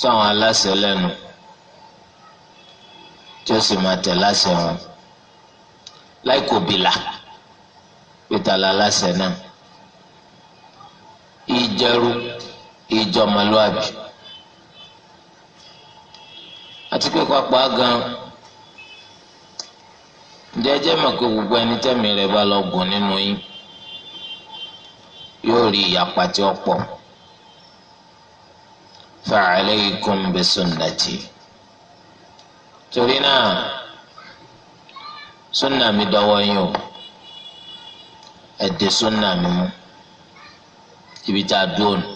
sáwọn aláṣẹ lẹ́nu tí ó sì máa tẹ̀ láṣẹ wọn láì kò bìlà pété aláṣẹ náà ìjẹrú ìjọmọlúàbí àti pé pápá gan jẹjẹ mọ̀ pé gbogbo ẹni tẹ̀mí rẹ̀ bá lọ gùn nínú yín yóò rí ìyapa tí ó pọ̀ fa'alaykum bi sunnati torí náà sunna mi dọ́wọ́ yín o ẹ dè sunna mi mú ibi tá a dúró nù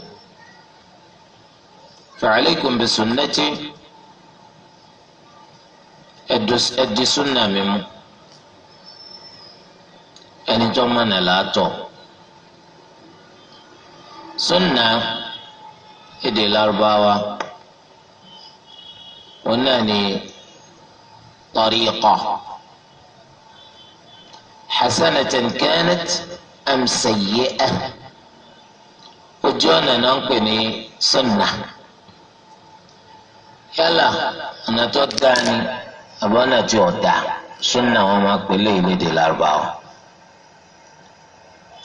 fa'alaykum bi sunnati ẹ dè sunna mi mú ẹni tó mọ̀nà làátọ̀ sunna èdè Lárúbáwá wọn náà ní tariqa hasanatan kanat am sayyi'ah ojú ọ̀nà náà ń pè ní sunna yálà ọ̀nà tó dáa ni àbọ̀ tí ò dáa sunna wọn máa pè léyìn lédè Lárúbáwá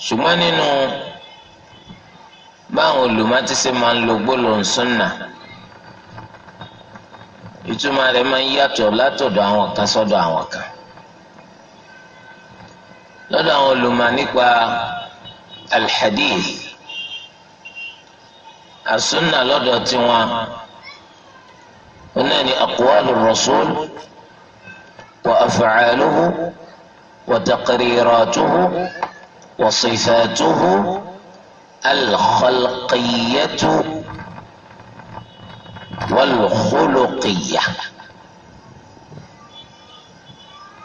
ṣùgbọ́n nínú. No, báwọn olùmọ́tíṣe máa ń lo gbólóhùn súnà ìtumọ̀ rẹ̀ máa ń yàtọ̀ látọ̀dọ̀ àwọn kan sọ́dọ̀ àwọn kan lọ́dọ̀ àwọn olùmọ̀ nípa alhadith asúnà lọ́dọ̀ tiwọn onáà ní aqwalu rasul wa af'aluhu wa taqriratuhu wa sifatuhu alxɔlɔkiyɛtu wàlúkúlùkìyà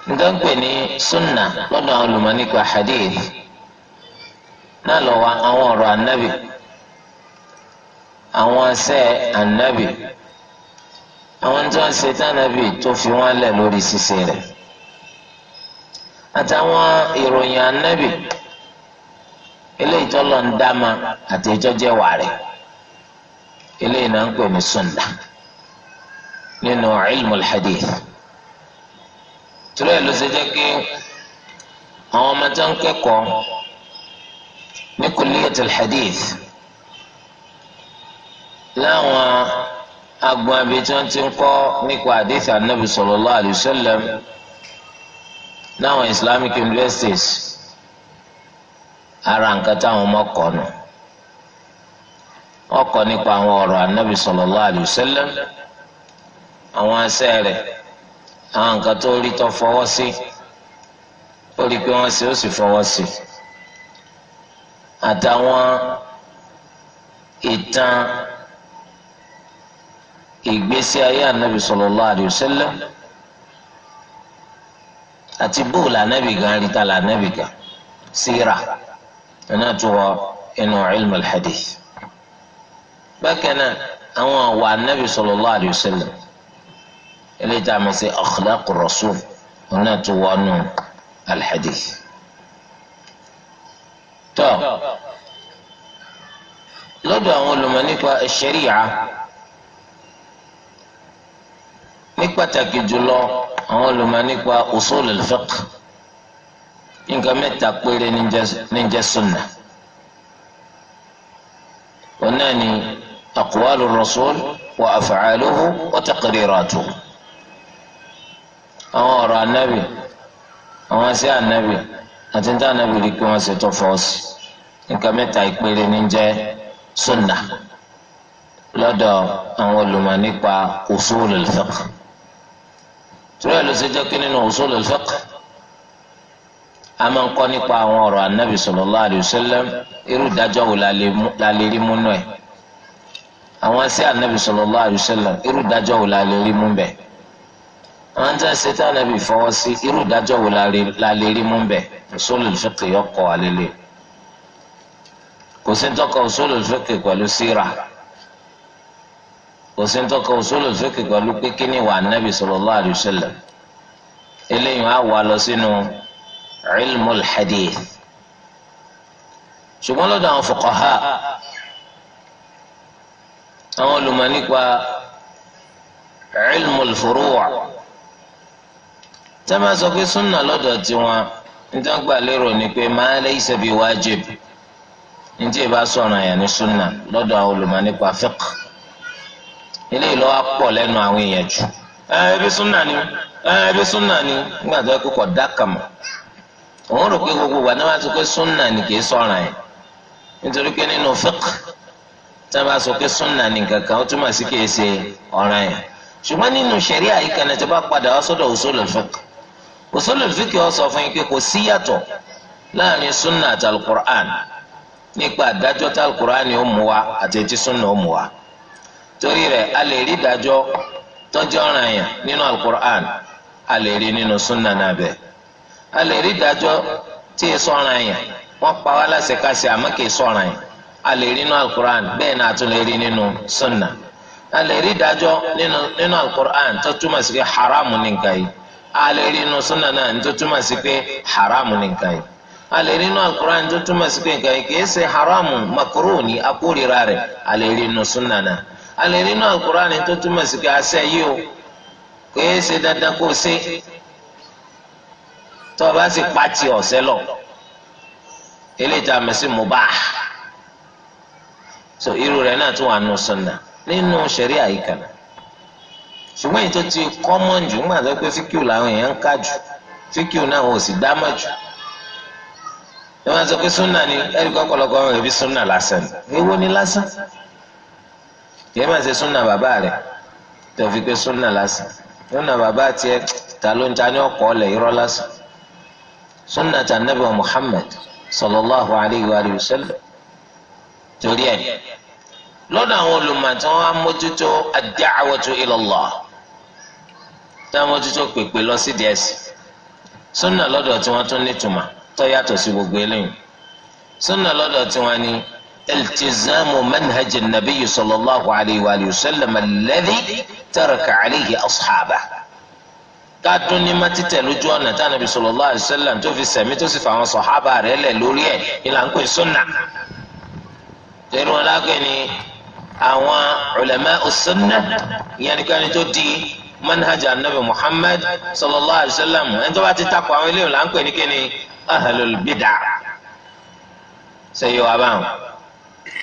nǹkan pè ní sunna lọ́dọ̀ àwọn olùmọ̀nípa hadith náà lọ wa àwọn ọ̀rọ̀ anabi àwọn asẹ anabi àwọn tó ń ṣe tó fi wọn lẹ̀ lórí ṣíṣe rẹ̀ àtàwọn ìròyìn anabi eléyìí tó lọ ń dá ma àti ẹjọ́ jẹ́ wà rẹ̀ eléyìí náà ń pè ní sunna nínú ilmul hadith tura ló ṣe jẹ́ kí àwọn ọmọ tó ń kẹ́kọ̀ọ́ ní kulliyatul hadith láwọn agbọn abẹ tí wọ́n ti ń kọ́ nípa hadith anabi sallallahu alayhi wa sallam islamic universities ara nǹkan táwọn ọmọ kọ nù wọn kọ nípa àwọn ọ̀rọ̀ anabi sallallahu alayhi wa sallam àwọn àṣẹ rẹ̀ àwọn nǹkan tó rí tó fọwọ́ sí ó rí pé wọ́n ṣe ó sì fọwọ́ sí àtàwọn ìtàn ìgbésí ayé anabi sallallahu alayhi wa àti bóòlù anabi gan rí ta la anabi gan síra ẹ̀nà tó wọ inú ilmu al-hadith bákan náà àwọn àwa anabi sallallahu alayhi wa sallam eléyìí tá a máa ṣe akhlaq rasul ẹ̀nà tó wọ inú al-hadith tó lọ́dọ̀ àwọn olùmọ̀ nípa ṣẹ̀ríà ní pàtàkì jùlọ usul al nǹkan mẹ́ta péré ní jẹ́ sunna wọn náà ni aqwalu rasul wa af'aluhu wa taqriratuhu àwọn ọ̀rọ̀ anabi àwọn ẹsẹ anabi àti níta anabi rí pé wọn ṣe tó fọọsì nǹkan mẹ́ta ìpele ní jẹ́ sunna lọ́dọ̀ àwọn olùmọ̀ nípa usulul fiqh tí wọn jẹ́ pé nínú usulul fiqh a máa ń kọ́ nípa àwọn ọ̀rọ̀ anabi sallallahu alayhi wa sallam irú ìdájọ́ wo la lè rí múnú ẹ̀ àwọn ẹsẹ̀ anabi sallallahu alayhi wa sallam irú ìdájọ́ wo la lè rí mú bẹ̀ àwọn tí wọ́n ṣe tí anabi fọwọ́ sí irú ìdájọ́ wo la lè rí mú bẹ̀ usulul fiqh yọkọ̀ àlele kò sí ń tọ́ka usulul fiqh pẹ̀lú síra kò sí ń tọ́ka usulul fiqh pẹ̀lú pé kíní wà anabi sallallahu alayhi wa sallam eléyìí ilmul hadith ṣùgbọ́n lọ́dọ̀ àwọn fuqaha àwọn olùmọ̀ nípa ilmul furu' tẹ́ máa sọ pé súnà lọ́dọ̀ tiwọn gbà lérò ni pé ma laysa bi wájib ntí ìbá sọ̀rọ̀ yẹn ní súnà lọ́dọ̀ àwọn olùmọ̀ nípa fiqh ilé ìlọ́ pọ̀ lẹ́nu àwọn èèyàn jù ẹ ebi súnà ni ẹ ebi súnà ni nígbà tó yẹ kó kọ̀ òun rò pé gbogbo ìgbà tí wọ́n sọ pé súnà ni kì í sọ̀ràn yẹn nítorí pé nínú tí sọ pé ni kankan ó túmọ̀ sí kì í ṣe ọ̀ràn yẹn ṣùgbọ́n nínú ṣẹ̀ríà náà tí padà wá sọ́dọ̀ sọ fún yín pé kò sí yàtọ̀ láàrin súnà àti alukur'an nípa àdájọ́ tí alukur'an ó mú wa àti etí ó mú wa torí rẹ̀ a lè rí ìdájọ́ tọ́jú ọ̀ràn yẹn nínú a lè rí ìdájọ́ tí ì sọ̀ràn yẹn wọ́n pa wá láṣẹ káṣẹ àmọ́ kì í sọ̀ràn yẹn a lè rí nínú alukur'an bẹ́ẹ̀ náà tún lè rí nínú sunna a lè rí ìdájọ́ nínú nínú alukur'an tó túmọ̀ sí pé haramu ní nǹkan yìí a lè rí nínú sunna náà tó túmọ̀ sí pé haramu ní nǹkan yìí a lè rí nínú alukur'an tó túmọ̀ sí pé nǹkan yìí kì í ṣe haramu makuru ni akórira rẹ̀ a lè rí nínú sunna náà a lè rí nínú alukur'an tó túmọ̀ sí pé asẹ́ yìí o kì í ṣe dandan kó ṣe. tó o bá sì pàtì ọ̀sẹ́ lọ eléyìí so irú rẹ̀ náà tún wà nù sunna nínú sẹ̀rí àyíká ṣùgbọ́n èyí tó ti kọ́mọ̀n jù ńgbà tó pé fíkìú làwọn èèyàn ń kà jù fíkìú náà wọn ò sì dámọ̀ jù ni ẹ̀rí kọ́kọ́lọ́kọ́ lásán ni ni lásán máa ṣe bàbá tó fi pé ta ló ń ta ní sunnata nabi muhammad sallallahu alayhi wa sallam torí ẹ̀ lọ́dọ̀ àwọn olùmọ̀tí wọn á mójútó ad-da'watu ila Allah tí wọn mójútó pèpè lọ sí díẹ̀ sí sunna lọ́dọ̀ tí wọ́n tún nítumọ̀ tó yàtọ̀ sí gbogbo eléyìí sunna lọ́dọ̀ tí wọ́n ní iltizamu manhaj an-nabiy sallallahu alayhi wa sallam alladhi taraka alayhi ashabahu ká dún ní má títẹ̀ lójú ọ̀nà tí Ànábì sallallahu alaihi wasallam tó fi sẹ̀mí tó sì fà àwọn sọ̀hábà rẹ̀ lẹ̀ lórí ẹ̀ ìlà ń pè sunna. tẹ̀lé wọn lágbè ni àwọn ulama as-sunna ìyẹn nìkan tó di manhaj anabi Muhammad sallallahu alaihi wasallam ẹni tó bá ti takò àwọn eléyìí là ń pè ní kíni ahlul bid'ah sẹ́yìn wa báwọn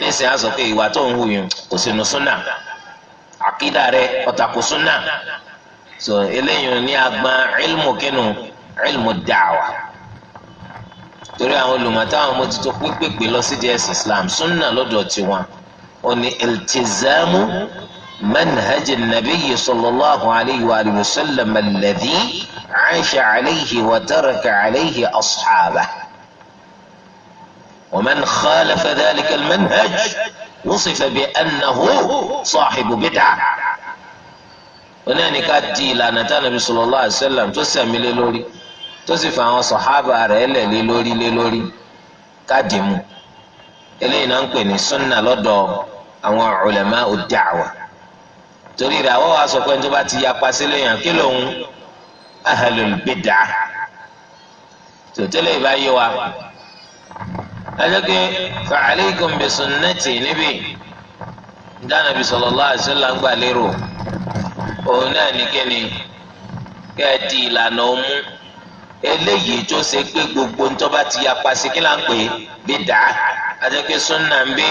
nísìnyí àsọ ìwà tó ń hù yìí kò sínú sunna àkídà rẹ̀ ó tako so eléyìí ní agbọn ilmu kínú ilmu da'wa torí àwọn olùmọ̀táwọn mójútó pípèpè lọ sí díẹ̀ islam sunna lọ́dọ̀ tiwọn ó ní iltizamu manhaj nabiyyi sallallahu alayhi wa sallam alladhi aisha alayhi wa taraka alayhi ashabahu wa man khalafa dhalika almanhaj wusifa bi annahu sahibu bid'ah. onáni ká di ìlànà tí nàbí sallallahu alaihi tó sẹ̀mí lé lórí tó sì fa àwọn sọ̀hábà rẹ̀ lé lórí lé lórí ká dì mú eléyìí náà ń pè ní sunna lọ́dọ̀ àwọn ulama'u da'wa torí rẹ̀ àwọn wa sọ pé tó bá ti ìbá yé wa òun náà ní kíni kẹ́ ẹ di ìlànà ọmú eléyìí tó ṣe pé gbogbo ń tọ́ba ti ya pàṣẹ kí là ń pè é bí dà á súnà ń bí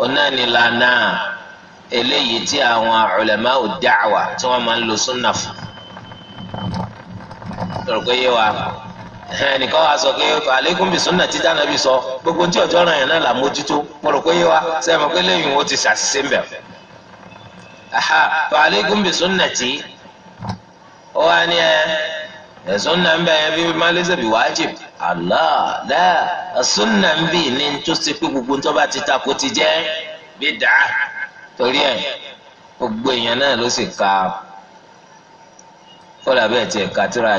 òun náà ní eléyìí tí àwọn tí wọ́n máa ń lo súnà fún tọ̀rọ̀ wa ẹnìkan wa sọ pé ti dáná bí sọ gbogbo tí ọjọ́ ràn yẹn náà là mójútó wa sẹ́yìn mọ̀ pé lẹ́yìn wo ti aha fàálẹ́gùn bí sunnati ó o ní ẹ ẹ̀sùn náà ń bẹ ẹ bí malẹ́sẹ̀ waajib. Allah la ẹ̀sùn náà ń gbogbo tó ti takò ti torí gbogbo náà ka